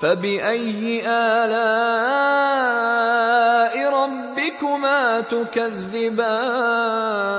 فَبِأَيِّ آلَاءِ رَبِّكُمَا تُكَذِّبَانِ